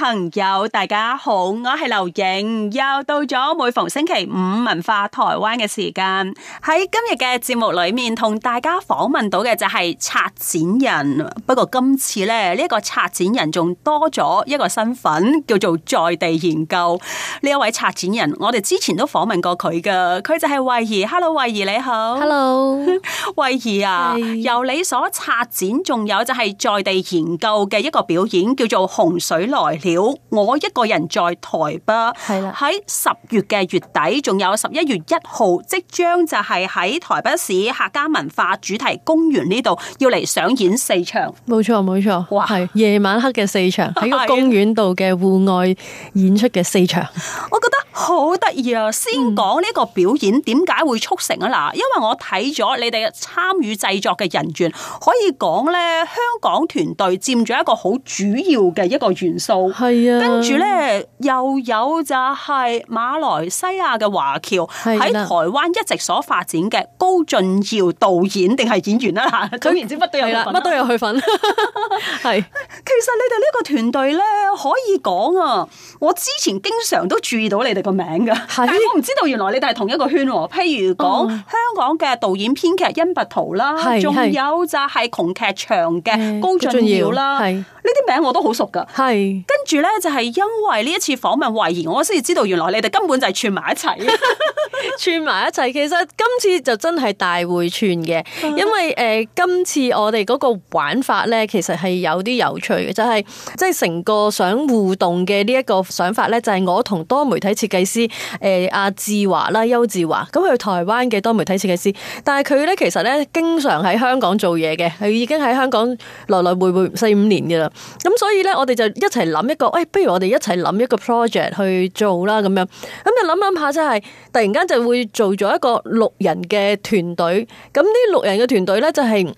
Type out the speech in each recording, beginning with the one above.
朋友，大家好，我係劉穎，又到咗每逢星期五文化台灣嘅時間。喺今日嘅節目裏面，同大家訪問到嘅就係策展人，不過今次呢呢一個策展人仲多咗一個身份，叫做在地研究呢一位策展人。我哋之前都訪問過佢噶，佢就係慧怡。Hello，慧怡你好。Hello，慧怡啊，由你所策展，仲有就係在地研究嘅一個表演，叫做洪水來了。我一個人在台北，係啦，喺十月嘅月底，仲有十一月一號，即將就係喺台北市客家文化主題公園呢度要嚟上演四場，冇錯冇錯，哇，係夜晚黑嘅四場，喺個公園度嘅戶外演出嘅四場，我覺得好得意啊！先講呢個表演點解、嗯、會促成啊？嗱，因為我睇咗你哋參與製作嘅人員，可以講呢，香港團隊佔咗一個好主要嘅一個元素。係啊，跟住咧又有就係馬來西亞嘅華僑喺台灣一直所發展嘅高俊耀導演定係演員啦。總言之，乜都有去分，乜都有佢份。係， 其實你哋呢個團隊咧，可以講啊，我之前經常都注意到你哋個名嘅，係我唔知道原來你哋係同一個圈。譬如講香港嘅導演編劇殷百圖啦，仲有就係窮劇場嘅高俊耀啦，係呢啲名我都好熟噶，係。跟住咧，就係因為呢一次訪問懷疑我，先至知道原來你哋根本就係串埋一齊。 串埋一齊，其實今次就真係大會串嘅，因為誒，今、呃、次我哋嗰個玩法咧，其實係有啲有趣嘅，就係即係成個想互動嘅呢一個想法咧，就係、是、我同多媒體設計師誒阿、呃啊、志華啦、呃，邱志華，咁佢台灣嘅多媒體設計師，但係佢咧其實咧，經常喺香港做嘢嘅，佢已經喺香港來來回回四五年嘅啦，咁所以咧，我哋就一齊諗一個，誒、哎，不如我哋一齊諗一個 project 去做啦，咁樣，咁你諗諗下，即係突然間。就會做咗一個六人嘅團隊，咁呢六人嘅團隊呢，就係、是、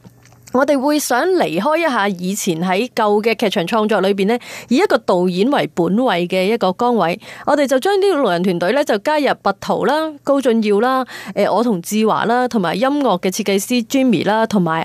我哋會想離開一下以前喺舊嘅劇場創作裏邊呢，以一個導演為本位嘅一個崗位，我哋就將呢六人團隊呢，就加入拔圖啦、高俊耀啦、誒、呃、我同志華啦，同埋音樂嘅設計師 Jimmy 啦，同埋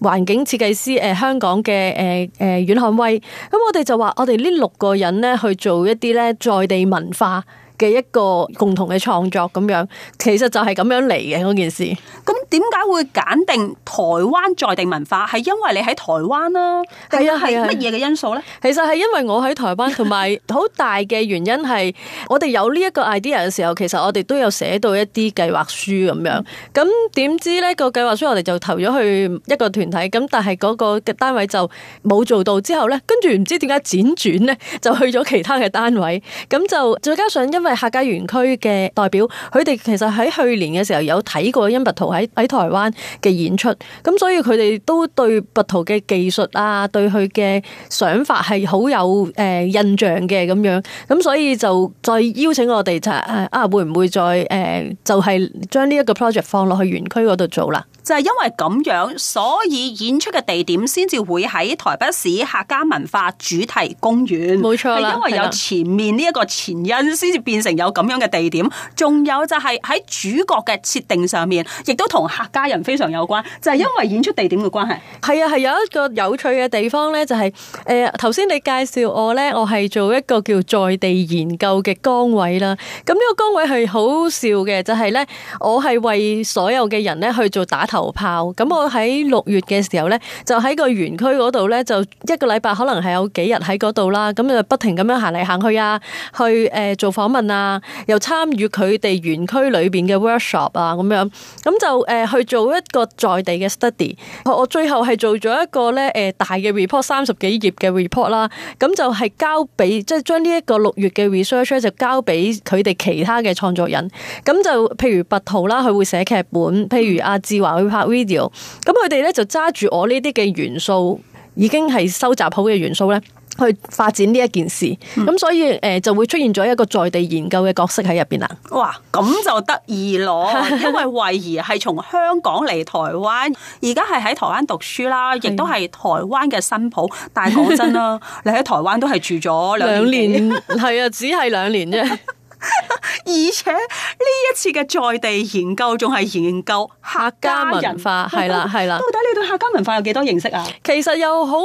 誒環境設計師誒、呃、香港嘅誒誒阮漢威，咁我哋就話我哋呢六個人呢，去做一啲呢在地文化。嘅一個共同嘅創作咁樣，其實就係咁樣嚟嘅件事。咁點解會揀定台灣在地文化？係因為你喺台灣啦，係啊，係乜嘢嘅因素咧？其實係因為我喺台灣，同埋好大嘅原因係 我哋有呢一個 idea 嘅時候，其實我哋都有寫到一啲計劃書咁樣。咁點知咧個計劃書我哋就投咗去一個團體，咁但係個嘅單位就冇做到之後咧，跟住唔知點解輾轉咧就去咗其他嘅單位。咁就再加上因因為客家園區嘅代表，佢哋其實喺去年嘅時候有睇過音拔圖喺喺台灣嘅演出，咁所以佢哋都對拔圖嘅技術啊，對佢嘅想法係好有誒印象嘅咁樣，咁所以就再邀請我哋就誒啊會唔會再誒、啊、就係將呢一個 project 放落去園區嗰度做啦？就係、是、因為咁樣，所以演出嘅地點先至會喺台北市客家文化主題公園，冇錯，啦，係因為有前面呢一個前因，先至變成有咁樣嘅地點，仲有就係喺主角嘅設定上面，亦都同客家人非常有關，就係、是、因為演出地點嘅關係，係啊，係有一個有趣嘅地方咧、就是，就係誒頭先你介紹我咧，我係做一個叫在地研究嘅崗位啦。咁呢個崗位係好笑嘅，就係咧，我係為所有嘅人咧去做打。頭炮咁我喺六月嘅時候咧，就喺個園區嗰度咧，就一個禮拜可能係有幾日喺嗰度啦，咁就不停咁樣行嚟行去啊，去誒、呃、做訪問啊，又參與佢哋園區裏邊嘅 workshop 啊，咁樣咁就誒、呃、去做一個在地嘅 study。我最後係做咗一個咧誒、呃、大嘅 report，三十幾頁嘅 report 啦，咁就係交俾即係將呢一個六月嘅 research 就交俾佢哋其他嘅創作人。咁就譬如白浩啦，佢會寫劇本，譬如阿志華。拍 video，咁佢哋咧，就揸住我呢啲嘅元素，已經係收集好嘅元素咧，去發展呢一件事。咁、嗯、所以誒就會出現咗一個在地研究嘅角色喺入邊啦。哇，咁就得意咯， 因為惠怡係從香港嚟台灣，而家係喺台灣讀書啦，亦都係台灣嘅新抱。 但係講真啦，你喺台灣都係住咗兩年，兩年，係 啊，只係兩年啫。 而且呢一次嘅在地研究仲係研究客家人，客家文化，係啦係啦。到底你對客家文化有幾多認識啊？其實又好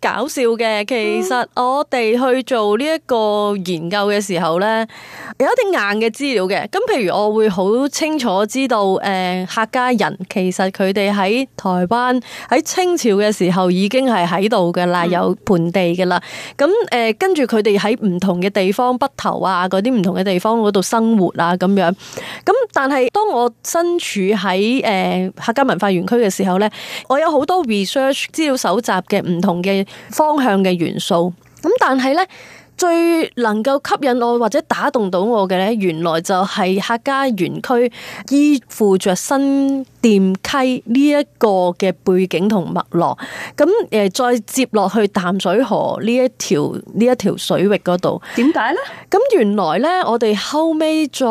搞笑嘅。其實我哋去做呢一個研究嘅時候咧，嗯，有一啲硬嘅資料嘅。咁譬如，我會好清楚知道，誒，客家人其實佢哋喺台灣喺清朝嘅時候已經係喺度嘅啦，有盆地嘅啦。咁誒跟住佢哋喺唔同嘅地方，北投啊嗰啲唔同嘅地方嗰度。生活啊，咁樣咁，但係當我身處喺誒、呃、客家文化園區嘅時候咧，我有好多 research 資料搜集嘅唔同嘅方向嘅元素，咁但係咧。最能夠吸引我或者打動到我嘅咧，原來就係客家園區依附着新店溪呢一個嘅背景同脈絡，咁誒再接落去淡水河呢一條呢一條水域度，點解咧？咁原來咧，我哋後尾再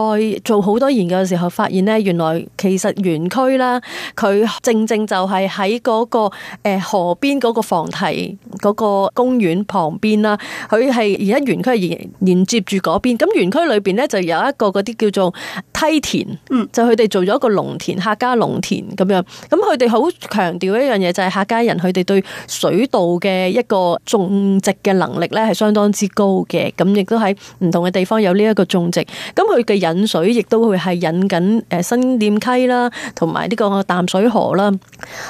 做好多研究嘅時候，發現咧，原來其實園區啦，佢正正就係喺嗰個誒河邊嗰個防堤嗰個公園旁邊啦，佢係。喺園區連連接住嗰邊，咁園區裏邊咧就有一個嗰啲叫做梯田，嗯，就佢、是、哋做咗一個農田，客家農田咁樣。咁佢哋好強調一樣嘢，就係客家人佢哋對水稻嘅一個種植嘅能力咧，係相當之高嘅。咁亦都喺唔同嘅地方有呢一個種植。咁佢嘅引水亦都會係引緊誒新店溪啦，同埋呢個淡水河啦。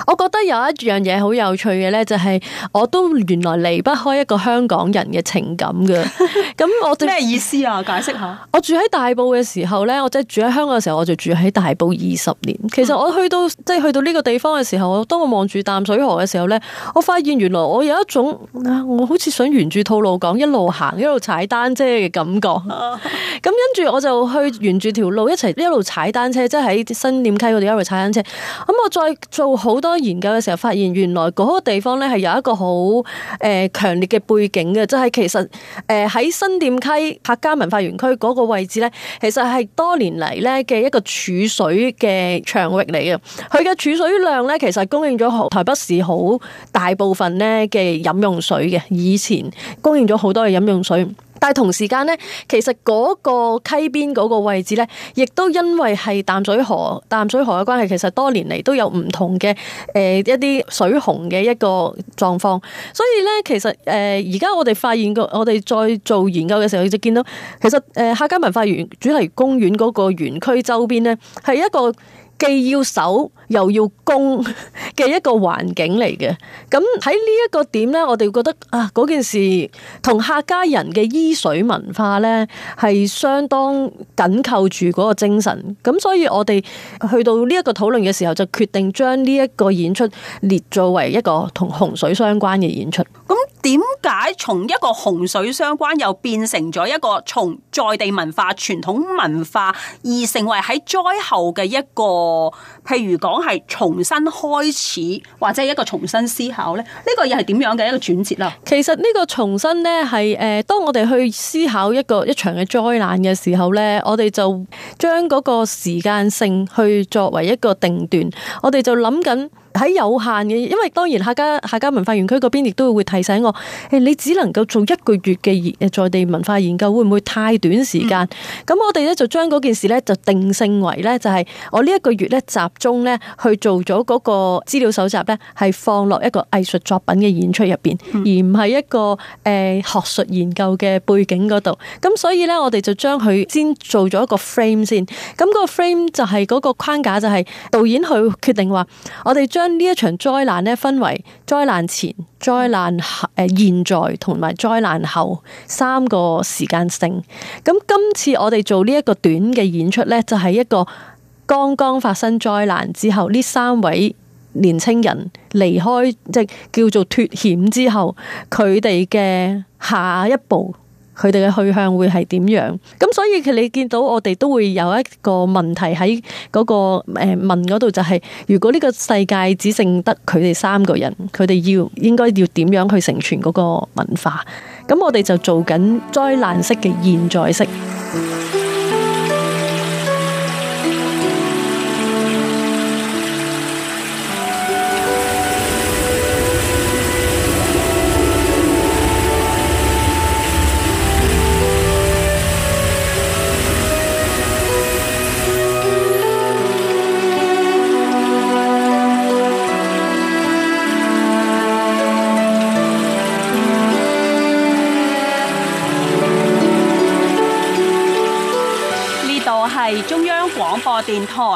我覺得有一樣嘢好有趣嘅咧，就係我都原來離不開一個香港人嘅情感嘅。咁我咩意思啊？解釋下。 我住喺大埔嘅時候咧，我即係住喺香港嘅時候，我就住喺大埔二十年。其實我去到即係、就是、去到呢個地方嘅時候，我當我望住淡水河嘅時候咧，我發現原來我有一種我好似想沿住套路講一路行一,一路踩單車嘅感覺。咁 跟住我就去沿住條路一齊一路踩單車，即係喺新店溪嗰度一路踩單車。咁我再做好多研究嘅時候，發現原來嗰個地方咧係有一個好誒強烈嘅背景嘅，即、就、係、是、其實。誒、呃，喺新店溪客家文化園區嗰個位置咧，其實係多年嚟，咧嘅一個儲水嘅場域嚟嘅。佢嘅儲水量咧，其實供應咗台北市好大部分咧嘅飲用水嘅。以前供應咗好多嘅飲用水。但係同時間咧，其實嗰個溪邊嗰個位置咧，亦都因為係淡水河、淡水河嘅關係，其實多年嚟都有唔同嘅、呃、一啲水洪嘅一個狀況。所以咧，其實誒而家我哋發現過，我哋再做研究嘅時候，就見到其實誒、呃、客家文化園主題公園嗰個園區周邊咧，係一個，既要守又要攻嘅一個環境嚟嘅，咁喺呢一個點咧，我哋覺得啊嗰件事同客家人嘅依水文化咧係相當緊扣住嗰個精神，咁所以我哋去到呢一個討論嘅時候，就決定將呢一個演出列作為一個同洪水相關嘅演出。咁點解從一個洪水相關又變成咗一個從在地文化、傳統文化而成為喺災後嘅一個？譬如講係重新開始，或者一個重新思考咧，呢個又係點樣嘅一個轉折啦？其實呢個重新咧係誒，當我哋去思考一個一場嘅災難嘅時候咧，我哋就將嗰個時間性去作為一個定段，我哋就諗緊。喺有限嘅，因為當然客家客家文化園區邊亦都會提醒我，誒，你只能夠做一個月嘅誒在地文化研究，會唔會太短時間？咁、嗯、我哋咧就將件事咧就定性為咧就係我呢一個月咧集中咧去做咗個資料搜集咧，係放落一個藝術作品嘅演出入邊、嗯，而唔係一個誒學術研究嘅背景度。咁所以咧我哋就將佢先做咗一個 frame 先。咁個 frame 就係個框架就係導演去決定話，我哋將呢一場災難咧，分為災難前、災難誒、現在同埋災難後三個時間性。咁今次我哋做呢一個短嘅演出咧,就係一個剛剛發生災難之後，呢三位年青人離開，即係叫做脫險之後，佢哋嘅下一步。佢哋嘅去向會係點樣？咁所以佢你見到我哋都會有一個問題喺嗰、那個誒問嗰度，呃、那裡就係、是、如果呢個世界只剩得佢哋三個人，佢哋要應該要點樣去成全嗰個文化？咁我哋就做緊災難式嘅現在式。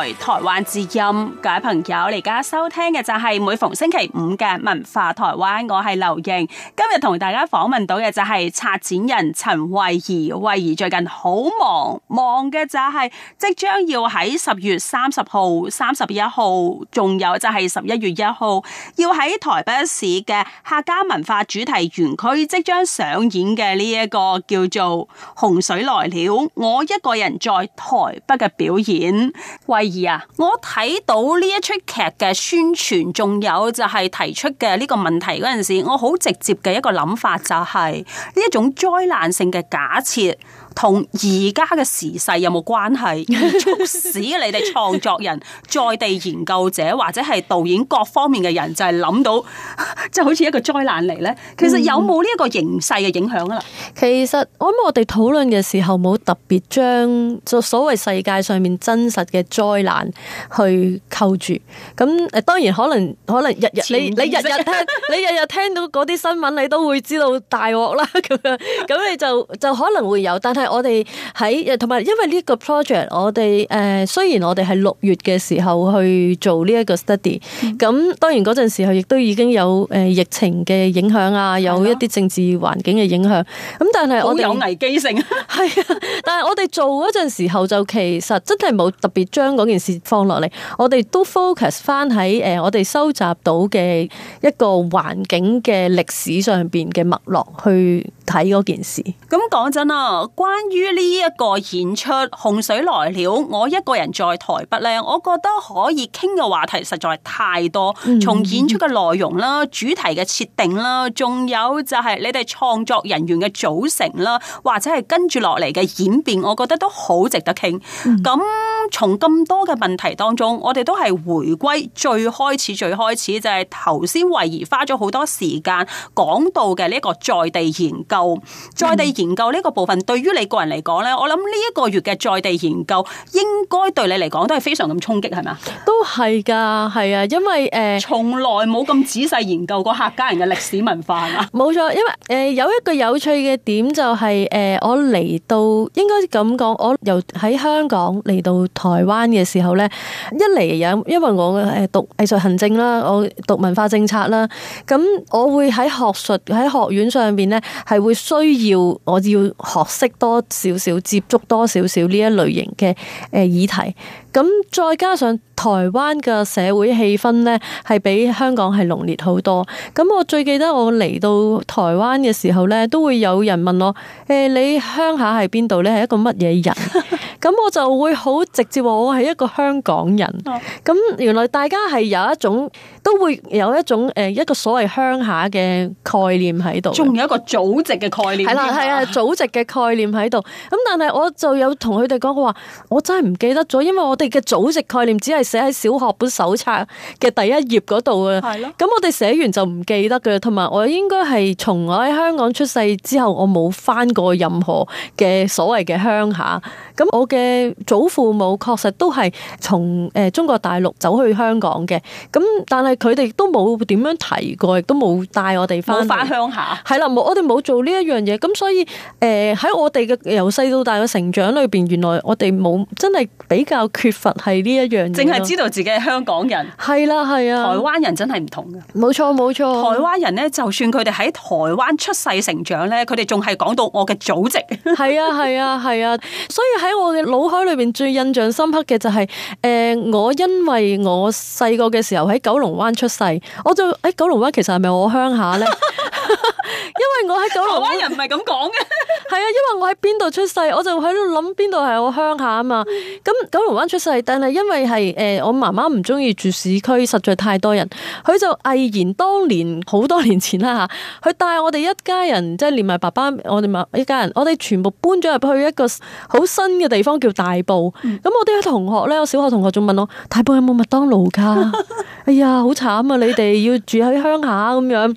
台灣之音。各位朋友，你而家收聽嘅就係每逢星期五嘅文化台灣，我係劉瑩。今日同大家訪問到嘅就係策展人陳慧儀。慧儀最近好忙，忙嘅就係即將要喺十月三十號、三十一號，仲有就係十一月一號，要喺台北市嘅客家文化主題園區即將上演嘅呢一個叫做《洪水來了》，我一個人在台北嘅表演，為。我睇到呢一出劇嘅宣傳，仲有就係提出嘅呢個問題嗰陣時候，我好直接嘅一個諗法就係呢一種災難性嘅假設。同而家嘅時勢有冇關係？促 使你哋創作人、在地研究者或者係導演各方面嘅人就想呵呵，就係諗到即係好似一個災難嚟咧。其實有冇呢一個形勢嘅影響啊？啦、嗯，其實我諗我哋討論嘅時候冇特別將就所謂世界上面真實嘅災難去扣住。咁誒，當然可能可能日日你你日日聽， 你，日日聽你日日聽到嗰啲新聞，你都會知道大鑊啦。咁樣咁你就就可能會有，但係。我哋喺同埋，而且因為呢個 project，我哋誒雖然我哋係六月嘅時候去做呢一個 study，咁、嗯、當然嗰陣時候亦都已經有誒疫情嘅影響啊，有一啲政治環境嘅影響，咁但係我哋有危機性係 啊！但係我哋做嗰陣時候就其實真係冇特別將嗰件事放落嚟，我哋都 focus 翻喺誒我哋收集到嘅一個環境嘅歷史上邊嘅脈絡去。睇嗰件事。咁講真啊，關於呢一個演出《洪水來了》，我一個人在台北咧，我覺得可以傾嘅話題實在太多。從演出嘅內容啦、主題嘅設定啦，仲有就係你哋創作人員嘅組成啦，或者係跟住落嚟嘅演變，我覺得都好值得傾，咁從咁多嘅問題當中，我哋都係回歸最，最開始、最開始就係頭先維怡花咗好多時間講到嘅呢個在地研究，再在地研究呢個部分，對於你個人嚟講咧，我諗呢一個月嘅在地研究，應該對你嚟講都係非常咁衝擊，係咪啊？都係噶。係啊，因為誒，從來冇咁仔細研究過客家人嘅歷史文化啊。冇 錯，因為誒、呃、有一個有趣嘅點就係、是、誒、呃，我嚟到應該咁講，我由喺香港嚟到台灣嘅時候咧，一嚟有，因為我誒讀藝術行政啦，我讀文化政策啦，咁我會喺學術喺學院上邊咧係會。會需要我要學識多少少接觸多少少呢一類型嘅誒議題。咁再加上台灣嘅社會氣氛咧，係比香港係濃烈好多。咁我最記得我嚟到台灣嘅時候咧，都會有人問我，誒、欸、你鄉下係邊度咧？係一個乜嘢人？咁 我就會好直接話我係一個香港人。咁、嗯、原來大家係有一種都會有一種誒一個所謂鄉下嘅概念喺度，仲有一個祖籍嘅概念。係、嗯、啦，係啊，祖籍嘅概念喺度。咁但係我就有同佢哋講過話，我真係唔記得咗，因為我哋。嘅祖籍概念只係寫喺小學本手冊嘅第一頁嗰度啊，係咯。咁我哋寫完就唔記得噶，同埋我應該係從我喺香港出世之後，我冇翻過任何嘅所謂嘅鄉下。咁我嘅祖父母確實都係從誒中國大陸走去香港嘅。咁但係佢哋都冇點樣提過，亦都冇帶我哋翻翻鄉下。係啦，冇我哋冇做呢一樣嘢。咁所以誒喺、呃、我哋嘅由細到大嘅成長裏邊，原來我哋冇真係比較缺。佛係呢一樣的，淨係知道自己係香港人，係啦、啊，係啊，台灣人真係唔同噶，冇錯冇錯。台灣人咧，就算佢哋喺台灣出世成長咧，佢哋仲係講到我嘅祖籍。係 啊係啊係啊，所以喺我嘅腦海裏邊最印象深刻嘅就係、是，誒、呃，我因為我細個嘅時候喺九龍灣出世，我就喺、哎、九龍灣，其實係咪我鄉下咧？ 因為我喺九龍灣，人唔係咁講嘅。係啊，因為我喺邊度出世，我就喺度諗邊度係我鄉下啊嘛。咁九龍灣出世，但係因為係誒，我媽媽唔中意住市區，實在太多人，佢就毅然當年好多年前啦吓，佢帶我哋一家人，即係連埋爸爸，我哋一家人，我哋全部搬咗入去一個好新嘅地方叫大埔。咁、嗯、我啲同學咧，我小學同學仲問我： 大埔有冇麥當勞噶？哎呀，好慘啊！你哋要住喺鄉下咁樣。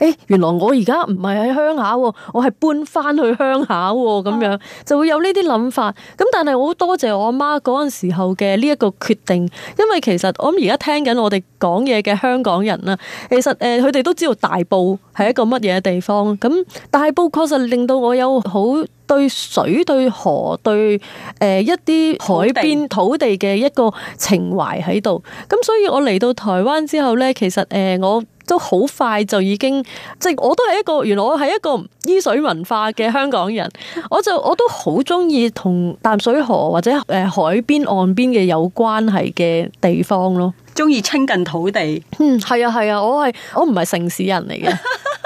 誒，原來我而家唔係喺鄉下，我係搬翻去鄉下咁樣，就會有呢啲諗法。咁但係我好多謝我阿媽嗰陣時候嘅呢一個決定，因為其實我諗而家聽緊我哋講嘢嘅香港人啦，其實誒佢哋都知道大埔係一個乜嘢地方，咁大埔確實令到我有好對水、對河、對誒、呃、一啲海邊土地嘅一個情懷喺度。咁、呃、所以我嚟到台灣之後咧，其實誒、呃、我。都好快就已經，即係我都係一個，原來我係一個依水文化嘅香港人，我就我都好中意同淡水河或者誒海邊岸邊嘅有關係嘅地方咯，中意親近土地。嗯，係啊係啊，我係我唔係城市人嚟嘅，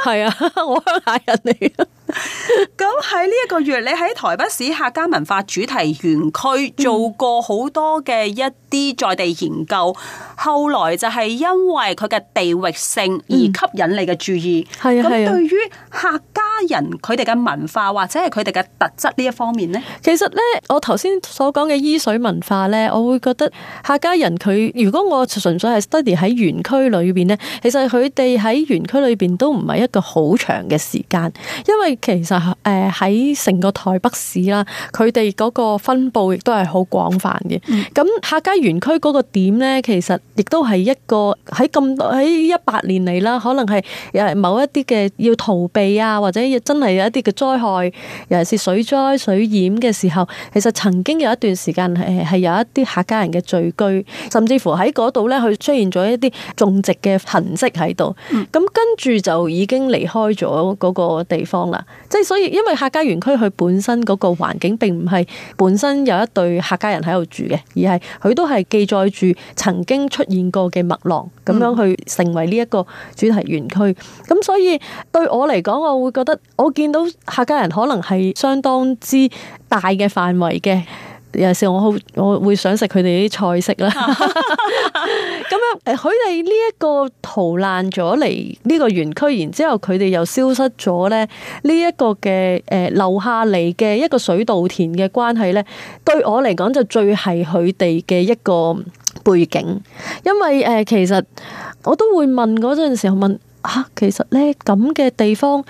係 啊，我鄉下人嚟嘅。咁喺呢一個月，你喺台北市客家文化主題園區做過好多嘅一啲在地研究，嗯、後來就係因為佢嘅地域性而吸引你嘅注意。係、嗯、咁，啊啊、對於客家人佢哋嘅文化或者係佢哋嘅特質呢一方面呢，其實呢，我頭先所講嘅依水文化呢，我會覺得客家人佢如果我純粹係 study 喺園區裏邊呢，其實佢哋喺園區裏邊都唔係一個好長嘅時間，因為，其實誒喺成個台北市啦，佢哋嗰個分佈亦都係好廣泛嘅。咁客家園區嗰個點咧，其實亦都係一個喺咁喺一百年嚟啦，可能係誒某一啲嘅要逃避啊，或者真係有一啲嘅災害，尤其是水災水淹嘅時候，其實曾經有一段時間係係有一啲客家人嘅聚居，甚至乎喺嗰度咧，佢出現咗一啲種植嘅痕跡喺度。咁跟住就已經離開咗嗰個地方啦。即係所以，因為客家園區佢本身嗰個環境並唔係本身有一對客家人喺度住嘅，而係佢都係記載住曾經出現過嘅麥浪咁樣去成為呢一個主題園區。咁所以對我嚟講，我會覺得我見到客家人可能係相當之大嘅範圍嘅。有時我好，我會想食佢哋啲菜式啦。咁樣，誒，佢哋呢一個逃爛咗嚟，呢個園區，然之後佢哋又消失咗咧。呢一個嘅，誒，留下嚟嘅一個水稻田嘅關係咧，對我嚟講就最係佢哋嘅一個背景，因為誒，其實我都會問嗰陣時候問，吓、啊，其實咧咁嘅地方。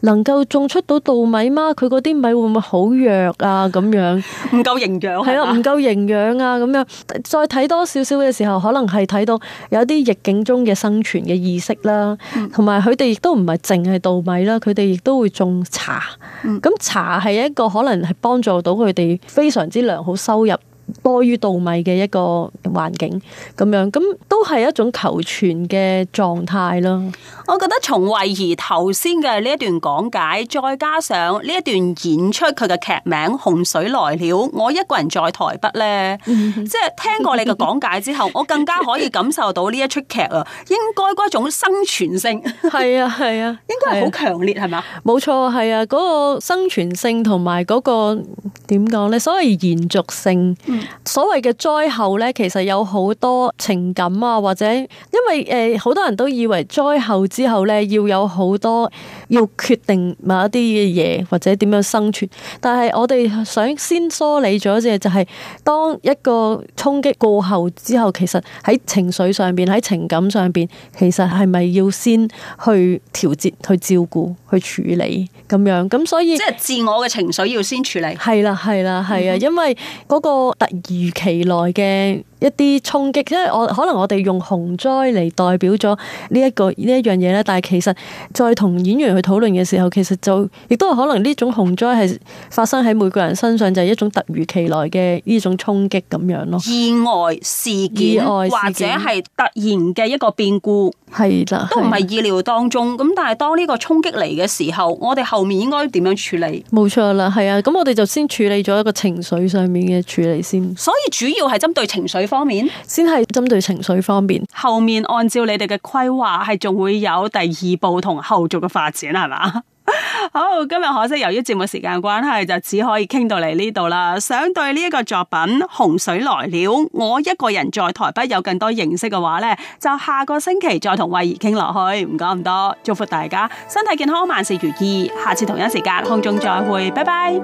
能夠種出到稻米嗎？佢嗰啲米會唔會好弱啊？咁樣唔夠營養，係咯，唔夠營養啊！咁、啊、樣再睇多少少嘅時候，可能係睇到有啲逆境中嘅生存嘅意識啦。同埋佢哋亦都唔係淨係稻米啦，佢哋亦都會種茶。咁、嗯、茶係一個可能係幫助到佢哋非常之良好收入。多於稻米嘅一個環境咁樣，咁都係一種求存嘅狀態咯。我覺得從慧怡頭先嘅呢一段講解，再加上呢一段演出佢嘅劇名《洪水來了我一個人在台北》呢，即係聽過你嘅講解之後，我更加可以感受到呢一齣劇啊，應該嗰一種生存性係啊係啊，應該係好強烈係嘛？冇錯，係啊，嗰個生存性同埋嗰個點講呢？所謂延續性。所謂嘅災後咧，其實有好多情感啊，或者因為誒好多人都以為災後之後咧，要有好多要決定某一啲嘅嘢，或者點樣生存。但係我哋想先梳理咗一隻就係、是，當一個衝擊過後之後，其實喺情緒上邊，喺情感上邊，其實係咪要先去調節、去照顧、去處理咁樣？咁所以即係自我嘅情緒要先處理。係啦，係啦，係啊，因為嗰個如期來嘅。一啲衝擊，因為我可能我哋用洪災嚟代表咗呢一個呢一樣嘢咧，但係其實再同演員去討論嘅時候，其實就亦都係可能呢種洪災係發生喺每個人身上，就係一種突如其來嘅呢種衝擊咁樣咯。意外事件，意外事件或者係突然嘅一個變故，係啦，都唔係意料當中。咁但係當呢個衝擊嚟嘅時候，我哋後面應該點樣處理？冇錯啦，係啊，咁我哋就先處理咗一個情緒上面嘅處理先。所以主要係針對情緒。方面，先係針對情緒方面，後面按照你哋嘅規劃係仲會有第二步同後續嘅發展係嘛？ 好，今日可惜由於節目時間關係，就只可以傾到嚟呢度啦。想對呢一個作品《洪水來了，我一個人在台北》有更多認識嘅話呢，就下個星期再同慧怡傾落去。唔講咁多，祝福大家身體健康，萬事如意。下次同一時間，空中再會，拜拜。